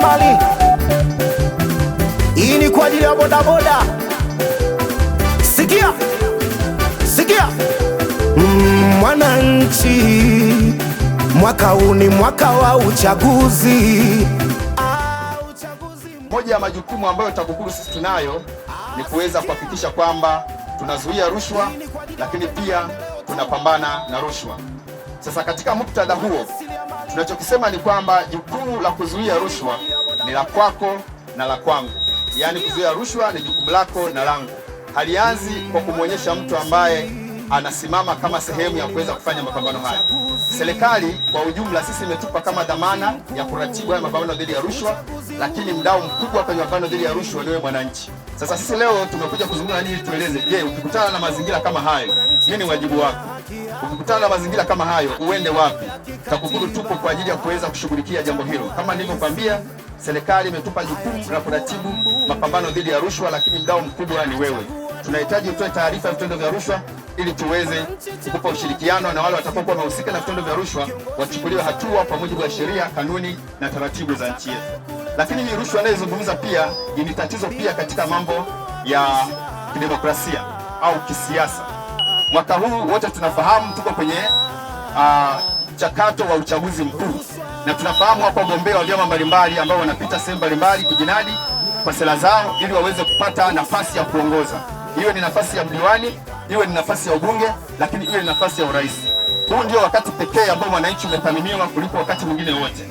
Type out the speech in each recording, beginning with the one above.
mali. Hii ni kwa ajili ya bodaboda. Sikia, sikia mm, mwananchi, mwaka huu ni mwaka wa ah, uchaguzi. Moja ya majukumu ambayo TAKUKURU sisi tunayo ni kuweza kuhakikisha kwamba tunazuia rushwa, lakini pia tunapambana na rushwa. Sasa katika muktadha huo tunachokisema ni kwamba jukumu la kuzuia rushwa ni la kwako na la kwangu, yaani kuzuia rushwa ni jukumu lako na langu. Halianzi kwa kumwonyesha mtu ambaye anasimama kama sehemu ya kuweza kufanya mapambano haya. Serikali kwa ujumla, sisi imetupa kama dhamana ya kuratibu haya mapambano dhidi ya rushwa, lakini mdau mkubwa kwenye mapambano dhidi ya rushwa ni wewe mwananchi. Sasa sisi leo tumekuja kuzungumza nini? Tueleze, je, ukikutana na mazingira kama hayo, nini wajibu wako? Ukikutana na mazingira kama hayo, uende wapi? TAKUKURU tupo kwa ajili ya kuweza kushughulikia jambo hilo. Kama nilivyokwambia Serikali imetupa jukumu la kuratibu mapambano dhidi ya rushwa, lakini mdao mkubwa ni wewe. Tunahitaji utoe taarifa ya vitendo vya rushwa ili tuweze kukupa ushirikiano, na wale watakaokuwa wamehusika na vitendo vya rushwa wachukuliwe hatua kwa mujibu wa sheria, kanuni na taratibu za nchi yetu. Lakini hii rushwa anayezungumza pia ni tatizo pia katika mambo ya kidemokrasia au kisiasa. Mwaka huu wote tunafahamu tuko kwenye uh, mchakato wa uchaguzi mkuu na tunafahamu hapa wagombea wa vyama mbalimbali ambao wanapita sehemu mbalimbali kujinadi kwa sera zao ili waweze kupata nafasi ya kuongoza, iwe ni nafasi ya mdiwani, iwe ni nafasi ya ubunge, lakini iwe ni nafasi ya urais. Huu ndio wakati pekee ambao mwananchi umethaminiwa kuliko wakati mwingine wote.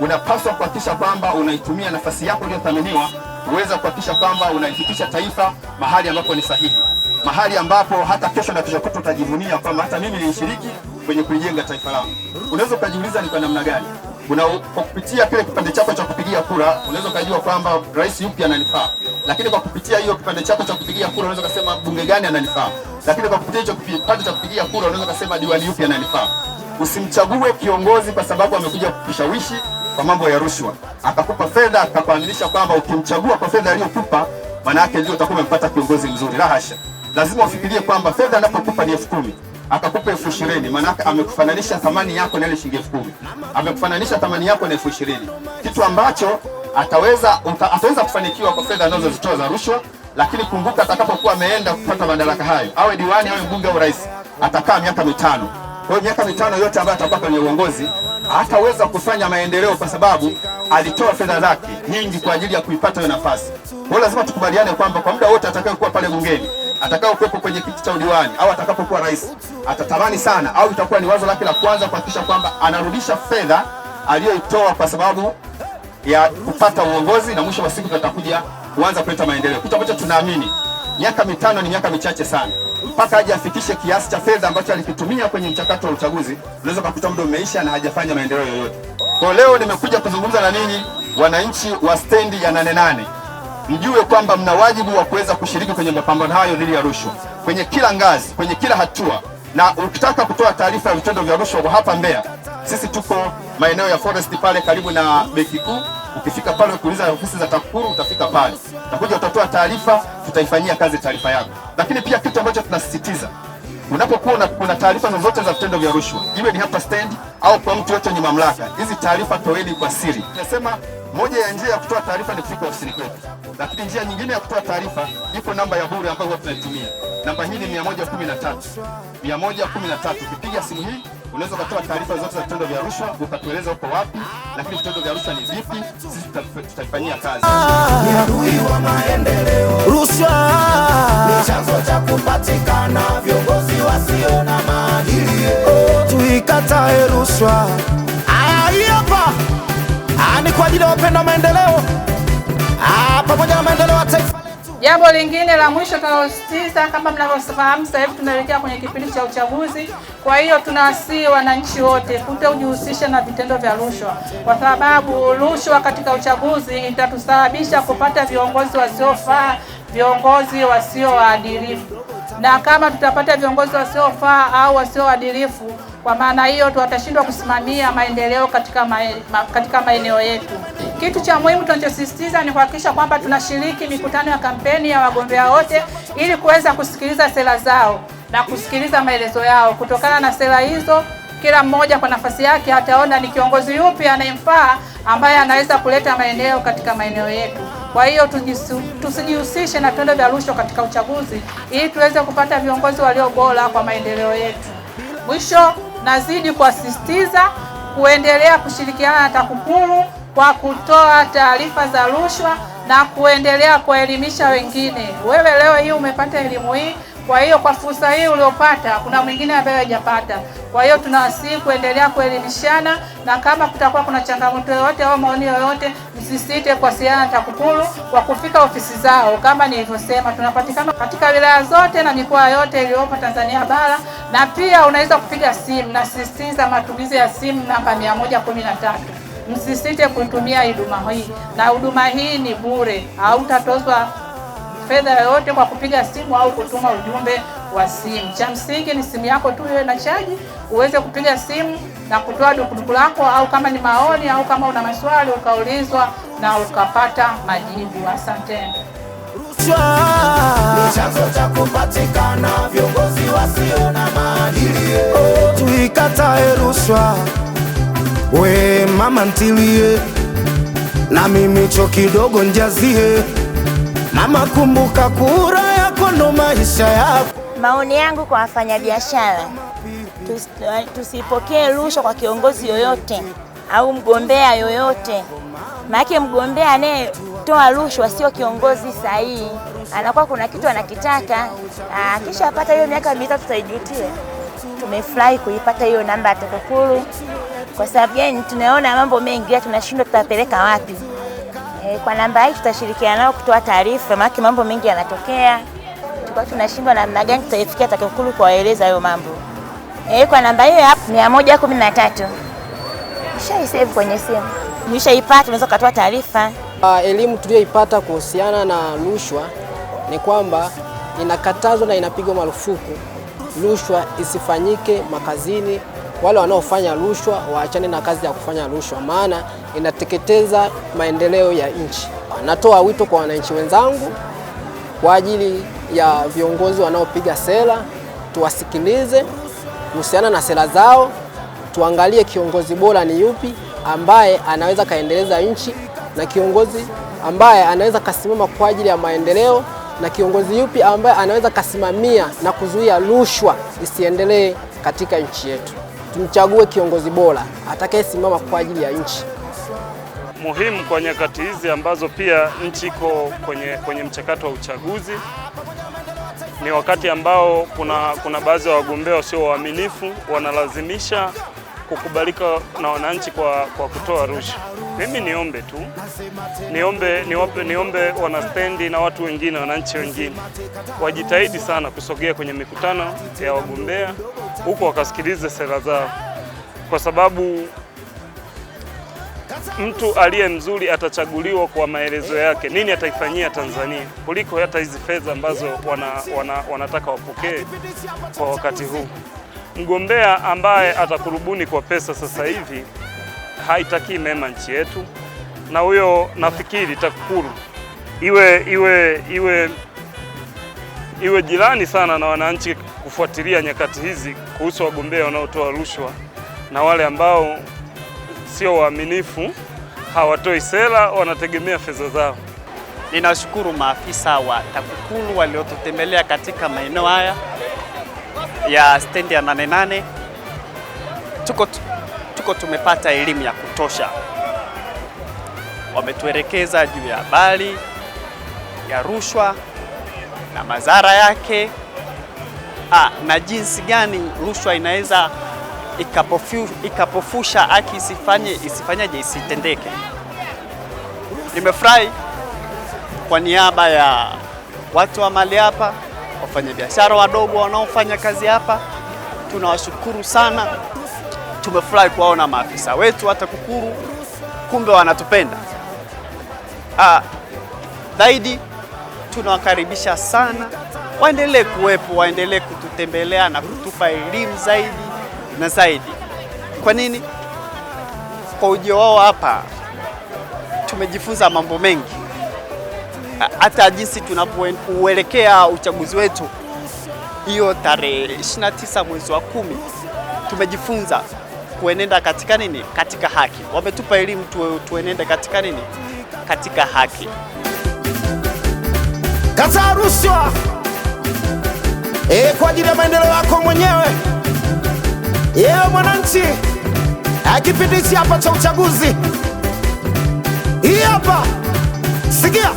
Unapaswa kuhakikisha kwamba unaitumia nafasi yako iliyothaminiwa kuweza kuhakikisha kwamba unaifikisha taifa mahali ambapo ni sahihi, mahali ambapo hata kesho na kesho kutwa utajivunia kwamba hata mimi nilishiriki kwenye kulijenga taifa langu. Unaweza ukajiuliza ni kwa namna gani? kuna kupitia kile kipande chako cha kupigia kura unaweza ukajua kwamba rais yupi ananifaa, lakini kwa kupitia hiyo kipande chako cha kupigia kura unaweza ukasema bunge gani ananifaa, lakini kwa kupitia hicho kipande cha kupigia kura unaweza ukasema diwani yupi ananifaa. Usimchague kiongozi kwa sababu amekuja kukushawishi kwa mambo ya rushwa, akakupa fedha akakuaminisha kwamba ukimchagua kwa fedha aliyokupa maana yake ndio utakuwa umempata kiongozi mzuri. La hasha, lazima ufikirie kwamba fedha anapokupa ni elfu kumi akakupa elfu ishirini maanake amekufananisha thamani yako na ile shilingi elfu kumi amekufananisha thamani yako na elfu ishirini kitu ambacho ataweza uta, ataweza kufanikiwa kwa fedha anazozitoa za rushwa. Lakini kumbuka, atakapokuwa ameenda kupata madaraka hayo, awe diwani, awe mbunge au rais, atakaa miaka mitano. Kwa hiyo miaka mitano yote ambayo atakuwa kwenye uongozi hataweza kufanya maendeleo, kwa sababu alitoa fedha zake nyingi kwa ajili ya kuipata hiyo nafasi. Kwa hiyo lazima tukubaliane kwamba kwa muda wote atakayokuwa pale bungeni atakayokuwepo kwenye kiti cha udiwani au atakapokuwa rais atatamani sana, au itakuwa ni wazo lake la kwanza kuhakikisha kwamba anarudisha fedha aliyoitoa kwa sababu ya kupata uongozi, na mwisho wa siku tutakuja kuanza kuleta maendeleo, kitu ambacho tunaamini miaka mitano ni miaka michache sana mpaka aje afikishe kiasi cha fedha ambacho alikitumia kwenye mchakato wa uchaguzi. Unaweza kukuta muda umeisha na hajafanya maendeleo yoyote. Kwa leo nimekuja kuzungumza na ninyi wananchi wa stendi ya Nane Nane mjue kwamba mna wajibu wa kuweza kushiriki kwenye mapambano hayo dhidi ya rushwa kwenye kila ngazi, kwenye kila hatua. Na ukitaka kutoa taarifa ya vitendo vya rushwa kwa hapa Mbeya, sisi tuko maeneo ya Forest pale karibu na benki kuu. Ukifika pale ukiuliza ofisi za TAKUKURU utafika pale, utakuja utatoa taarifa, tutaifanyia kazi taarifa yako. Lakini pia kitu ambacho tunasisitiza unapokuwa kuna taarifa zozote za vitendo vya rushwa, iwe ni hapa stendi au kwa mtu yote wenye mamlaka, hizi taarifa toeni kwa siri. Tunasema moja ya njia ya kutoa taarifa ni kufika ofisini kwetu, lakini njia nyingine ya kutoa taarifa ipo namba ya bure ambayo huwa tunaitumia. Namba hii ni 113 113. Ukipiga simu hii unaweza ukatoa taarifa zote za vitendo vya rushwa, ukatueleza uko wapi, lakini vitendo vya rushwa ni vipi, sisi tutaifanyia kazi. Ni adui wa maendeleo. Rushwa ni chanzo cha kupatikana viongozi wasio na maadili. Oh, tuikatae rushwa. aya hapa ni kwa ajili ya wapenda maendeleo ah, pamoja na maendeleo ya taifa letu. Jambo lingine la mwisho tunalosisitiza, kama mnavyofahamu, sasa hivi tunaelekea kwenye kipindi cha uchaguzi. Kwa hiyo tunawasihi wananchi wote kutojihusisha na vitendo vya rushwa, kwa sababu rushwa katika uchaguzi itatusababisha kupata viongozi wasiofaa, viongozi wasio waadilifu na kama tutapata viongozi wasiofaa au wasioadilifu, kwa maana hiyo tutashindwa kusimamia maendeleo katika mae, ma, katika maeneo yetu. Kitu cha muhimu tunachosisitiza ni kuhakikisha kwamba tunashiriki mikutano ya kampeni ya wagombea wote ili kuweza kusikiliza sera zao na kusikiliza maelezo yao. Kutokana na sera hizo, kila mmoja kwa nafasi yake ataona ni kiongozi yupi anayemfaa ambaye anaweza kuleta maendeleo katika maeneo yetu. Kwa hiyo tusijihusishe na vitendo vya rushwa katika uchaguzi ili tuweze kupata viongozi walio bora kwa maendeleo yetu. Mwisho, nazidi kuasisitiza kuendelea kushirikiana na TAKUKURU kwa kutoa taarifa za rushwa na kuendelea kuwaelimisha wengine. Wewe leo hii umepata elimu hii, kwa hiyo kwa fursa hii uliopata, kuna mwingine ambaye hajapata. Kwa hiyo tunawasihi kuendelea kuelimishana, na kama kutakuwa kuna changamoto yoyote au maoni yoyote msisite kuwasiliana na TAKUKURU kwa kufika ofisi zao. Kama nilivyosema, tunapatikana katika wilaya zote na mikoa yote iliyopo Tanzania bara, na pia unaweza kupiga simu, na sisitiza matumizi ya simu namba 113. Msisite kutumia huduma hii, na huduma hii ni bure, hautatozwa fedha yoyote kwa kupiga simu au kutuma ujumbe wa simu. Cha msingi ni simu yako tu iwe na chaji uweze kupiga simu na kutoa dukuduku lako, au kama ni maoni au kama una maswali ukaulizwa na ukapata majibu. Asante. Rushwa ni chanzo cha kupatikana viongozi wasio na maadili, oh, tuikatae rushwa. We mama ntilie, na mimi cho kidogo njazie. Mama kumbuka, kura yako ndo maisha yako. Maoni yangu kwa wafanyabiashara Eh, tusipokee rushwa kwa kiongozi yoyote au mgombea yoyote, maake mgombea anayetoa rushwa sio kiongozi sahihi. Anakuwa kuna kitu anakitaka, ah, akishapata hiyo miaka mitatu tutaijutia tumefurahi kuipata hiyo namba ya TAKUKURU. Kwa sababu gani? Tunaona mambo mengi tunashindwa, tutapeleka wapi? E, kwa namba hii tutashirikiana nao kutoa taarifa, maana mambo mengi yanatokea, tulikuwa tunashindwa namna gani tutaifikia TAKUKURU kuwaeleza hayo mambo. Eh, kwa namba hiyo hapo 113. save kwenye simu. Nishaipata, unaweza kutoa taarifa. Uh, elimu tuliyoipata kuhusiana na rushwa ni kwamba inakatazwa na inapigwa marufuku rushwa isifanyike makazini. Wale wanaofanya rushwa waachane na kazi ya kufanya rushwa, maana inateketeza maendeleo ya nchi. Natoa wito kwa wananchi wenzangu kwa ajili ya viongozi wanaopiga sera, tuwasikilize kuhusiana na sera zao, tuangalie kiongozi bora ni yupi ambaye anaweza kaendeleza nchi na kiongozi ambaye anaweza kasimama kwa ajili ya maendeleo na kiongozi yupi ambaye anaweza kasimamia na kuzuia rushwa isiendelee katika nchi yetu. Tumchague kiongozi bora atakayesimama kwa ajili ya nchi muhimu kwa nyakati hizi ambazo pia nchi iko kwenye, kwenye mchakato wa uchaguzi ni wakati ambao kuna, kuna baadhi ya wagombea wasio waaminifu wanalazimisha kukubalika na wananchi kwa, kwa kutoa rushwa. Mimi niombe tu niombe, niombe, niombe wanastendi na watu wengine, wananchi wengine wajitahidi sana kusogea kwenye mikutano ya wagombea huko wakasikilize sera zao kwa sababu mtu aliye mzuri atachaguliwa kwa maelezo yake, nini ataifanyia Tanzania, kuliko hata hizi fedha ambazo wana, wana, wanataka wapokee kwa wakati huu. Mgombea ambaye atakurubuni kwa pesa sasa hivi haitakii mema nchi yetu, na huyo nafikiri TAKUKURU iwe, iwe, iwe, iwe jirani sana na wananchi kufuatilia nyakati hizi kuhusu wagombea wanaotoa rushwa na wale ambao sio waaminifu, hawatoi sera, wanategemea fedha zao. Ninashukuru maafisa wa TAKUKURU waliotutembelea katika maeneo haya ya stendi ya Nane Nane. Tuko, tuko tumepata elimu ya kutosha, wametuelekeza juu ya habari ya rushwa na madhara yake, ah, na jinsi gani rushwa inaweza ikapofu, ikapofusha haki isifanye isifanyaje isitendeke. Nimefurahi kwa niaba ya watu wa mali hapa, wafanyabiashara wadogo wanaofanya kazi hapa, tunawashukuru sana. Tumefurahi kuwaona maafisa wetu hata TAKUKURU kumbe wanatupenda. Ah, zaidi tunawakaribisha sana, waendelee kuwepo, waendelee kututembelea na kutupa elimu zaidi na zaidi. Kwa nini? Kwa ujio wao hapa tumejifunza mambo mengi, hata jinsi tunapoelekea uchaguzi wetu hiyo tarehe 29 mwezi wa kumi, tumejifunza kuenenda katika nini, katika haki. Wametupa elimu tu, tuenende katika nini, katika haki. Kataa rushwa e, eh, kwa ajili ya maendeleo yako mwenyewe. Yeo mwananchi, kipindi hichi hapa cha uchaguzi, hii hapa sikia.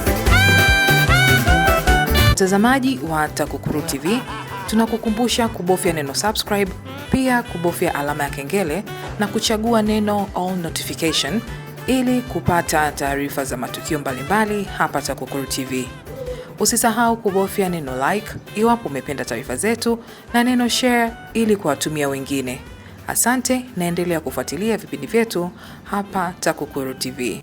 Mtazamaji wa TAKUKURU TV, tunakukumbusha kubofya neno subscribe, pia kubofya alama ya kengele na kuchagua neno all notification ili kupata taarifa za matukio mbalimbali hapa TAKUKURU TV. Usisahau kubofya neno like iwapo umependa taarifa zetu na neno share ili kuwatumia wengine. Asante, naendelea kufuatilia vipindi vyetu hapa TAKUKURU TV.